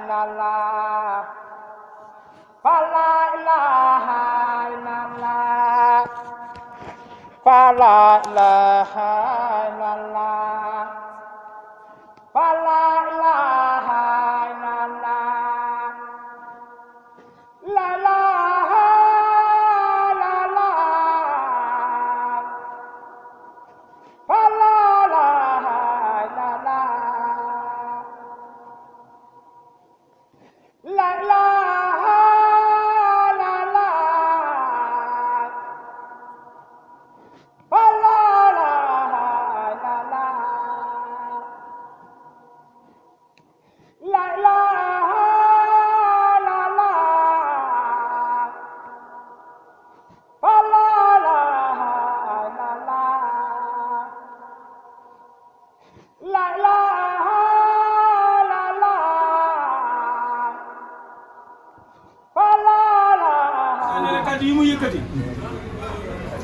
la la fa la la illallah fa la la la la la. that love.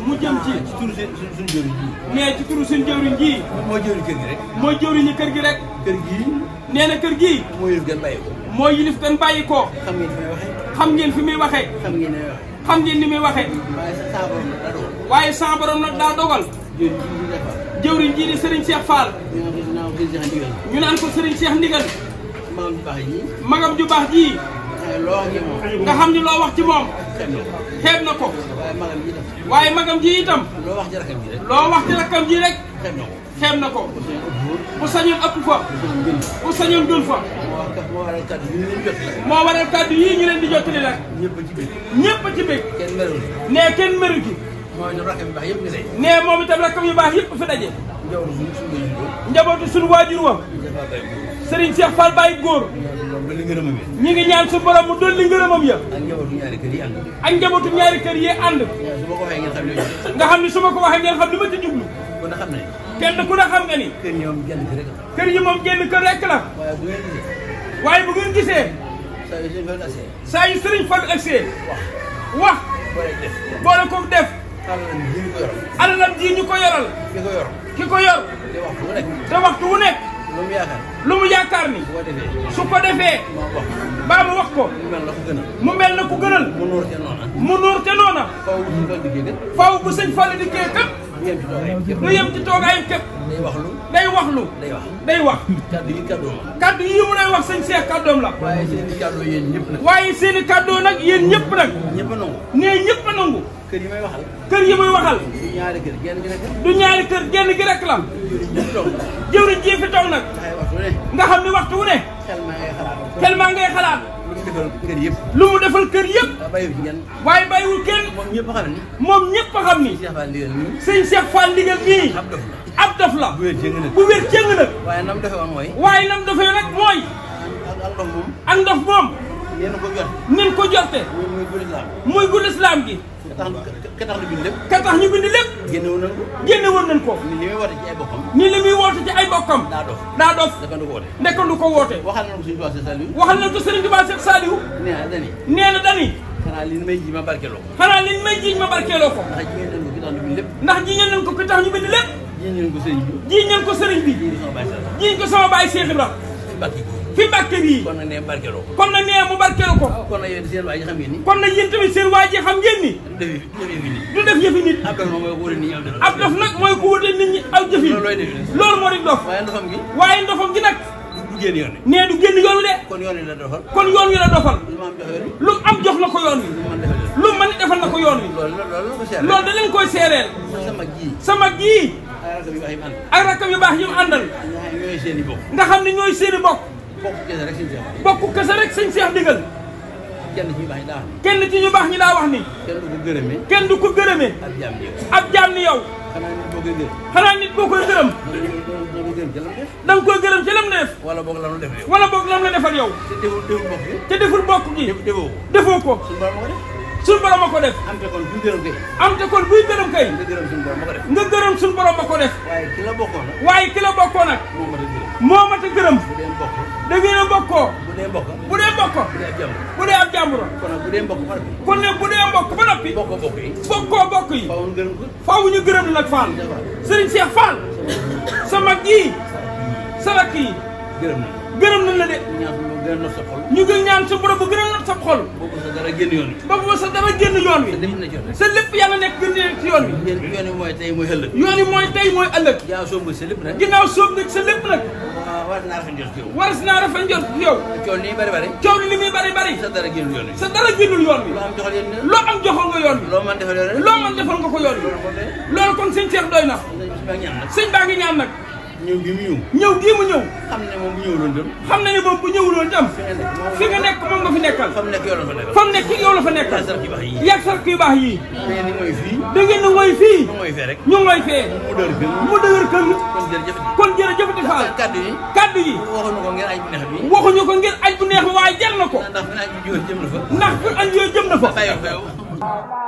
mu jëm ci. ci turu seen jëwriñ ji. mais ci turu suñ jëwriñ ji. mooy jëwriñ kër gi rek. mooy jëwriñu kër gi rek. gii. nee na kër gii. moo yilif gan bàyyi ko. moo yilif gan bàyyi ko. xam ngeen fi muy waxee. xam ngeen fi muy waxee. xam ngeen ni muy waxee. xam ngeen ni muy waxee. waaye sa nag daa dogal. waaye sa nag daa dogal. jëwriñ ji di Serigne Cheikh Fall. ñu naan ko Serigne Cheikh Ndigal. magam ju baax ji. nga xam ni loo wax ci moom. xeeb na ko. waaye magam ji itam. loo wax ci rakam ji rek. loo wax ci rakam ji rek. xeeb na ko. bu sañoon ëpp fa. bu sañoon gën fa. moo waral kàddu yi ñu leen di jottali. moo waral kàddu ci bëgg. kenn merul. nee kenn merul gi. moom itam rakam yu baax yëpp nga daje. nee moom itam rakam yu baax yëpp fi daje. njabootu njabootu suñu waajur wa. Serigne Cheikh Fall Baye Góor. ñi ngi ñaan su borom mu dolli ngërëmam ya ak njabotu ñaari kër yi and nga xamni suma ko waxe ngeen xam li ci djublu kenn ku na xam nga ni kër yi mom genn kër rek la waye bu ngeen gisee sa yi serigne fan accé wax bo la ko def ala alalam ji ñu ko yoral ki ko yor te waxtu wu nek lu mu yaakaar lu mu yaakaar ni. su ko defee. baa mu wax ko. mu mel na ku gënal. mu mel na ku a mu nuur te noona. mu nuur te noona. faaw bu sëñ Fall dikkee kat. du yem ci toogaayam képp. day wax lu. day wax lu. day wax kaddu yi kaddoom la. kaddu yi mu lay wax sëñ Cheikh kaddoom la. waaye seen i kaddu nag. waaye ñëpp nag. ñëpp a nangu. nee ñëpp a kër yi may waxal. kër yi may waxal. du ñaari kër genn gi rek la. du ñaari kër genn gi rek la. jëwriñ ji nag. nga xam ni waxtu wu ne. xel maa ngay xalaat. lu mu defal kër yëpp. lu mu defal kër yëpp. waaye bàyyiwul kenn. moom ñëpp a xam ni. moom ñëpp a xam ni. sëñ Cheikh Fall ndigal nii. ab daf la. bu wér jëng nag bu wér jëng nag. waaye nam dafa woon mooy. waaye nam dafa nag ak ndof moom. nen ko jot. nen ko jotte. muy muy guddi islam gi tax ka tax ñu ko. génne woon nañ ko. ni li muy woote ci ko woote. nekkoon du ko woote. waxal nañ ko Serigne Touba Cheikh Saliou. waxal nañ ko Serigne Touba Cheikh Saliou. nee na dani. na dani. xanaa li ñu may ji ma barkeeloo ko. ndax jiñal nañ ko ki ñu bind lépp. ndax ko ki tax bi. jiñal ko Serigne bi. jiñ ko fi Mbàkke bii kon nag nee barkeeloo ko kon nag nee mu barkeeloo ko kon nag yéen seen waa ji xam ngeen ni kon nag yéen tamit seen waa ji xam ngeen ni du def yëfi nit dof ko wute nit ñi ab dof nag mooy ko wute nit ñi aw jëf loolu moo di dof waaye ndofam gi nag nee du génn yoon de kon yoon wi la dofal kon yoon la dofal lu am jox na ko yoon wi lu mën a defal na ko yoon wi loolu da leen koy seereel sama ji ak rakam yu baax yi mu àndal nga xam ne ñooy seen i bokk kese rek sëñ Cheikh. bokk kese rek sëñ Cheikh digal. kenn ci ñu baax ñi daa wax ni. kenn du ko gërëmee. kenn du ko gërëmee. ab jaam ni yow. ab jaam ni yow. xanaa nit boo koy gërëm. xanaa nit boo koy gërëm. da nga koy gërëm ci def. wala boog lam la defal yow. wala boog lam la defal yow. te deful deful bokk gi. te deful bokk gi. defoo ko. defoo ko. suñu borom ma ko def. am te kon buy gërëm kay. am te kon buy gërëm kay. nga gërëm suñu borom ma ko def. nga gërëm suñu borom ma ko def. waaye ki la bokkoon nag. waaye ki la bokkoon nag. moo a gërëm. bu dee mbokk. da ngeen a bokkoo. bu dee mbokk. bu dee mbokk. bu dee ab jàmbur. kon bu dee mbokk ba noppi. bu dee mbokk ba noppi. bokkoo bokk yi. bokkoo bokk yi. sa mag yi sa rakk yi gërëm nañ la de ñu ngi ñaan sa borom ba gën a not sa xol boobu sa dara génn yoon wi boobu sa dara génn yoon wi sa lépp yaa ngi nekk gën nekk ci yoon wi yoon yi mooy tey mooy ëllëg yoon yi mooy tey mooy ëllëg ginnaaw soob nga sa lépp nag ginnaaw soob nga sa lépp nag war naa rafet njort yow war naa rafet njort yow coow li bari bari coow li muy bari bari sa dara génnul yoon wi sa dara génnul yoon wi loo am joxal nga yoon wi loo man defal nga ko yoon wi loolu kon sëñ Cheikh doy na sëñ baa ngi ñaan nag ñëw gi mu ñëw. xam ne moom bu ñëwuloon tam. xam na ne moom bu ñëwuloon tam. fi nga nekk moom nga fi nekkal. fa nekk yow la fa nekkal. fa mu yu baax yii. da ngeen di mooy fii. ñu mooy fee rek. ñu mooy fee. mu dëgër kër. mu kon jërëjëf di kaddu yi. kaddu yi. waxuñu ko ngeen aj bu neex bi. jar na ko. ndax fi añ na fa.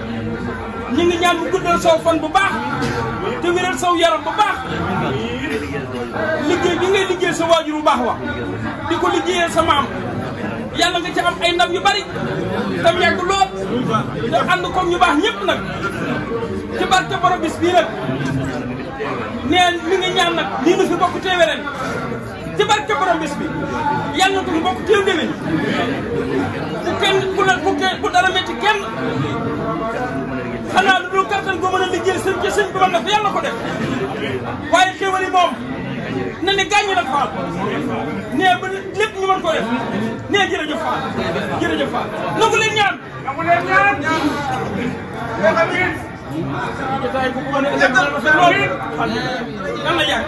ñu ngi ñaan mu guddal saw fan bu baax te wéral saw yaram bu baax liggéey bi ngay liggéey sa waajur bu baax wa di ko liggéeyee sa maam yàlla nga ci am ay ndam yu bari tam yàgg lool te ànd comme ñu baax ñëpp nag ci barke borom bis bii nag neen mi ngi ñaan nag lii nu fi bokk teewe ci barke borom bis bi yàlla ko fi bokk teew bu kenn bu la bu dara metti kenn xanaa lu dul kattan goo mën a liggéey sëñ ci sëñ bi mën na ko yàlla ko def waaye xéwal yi moom na ne gàññi nag faal nee ba lépp ñu mën ko def nee jërëjëf faal jërëjëf faal nangu leen ñaan nangu leen ñaan ñaan jotaay bu ko mën a def lool lan la yàgg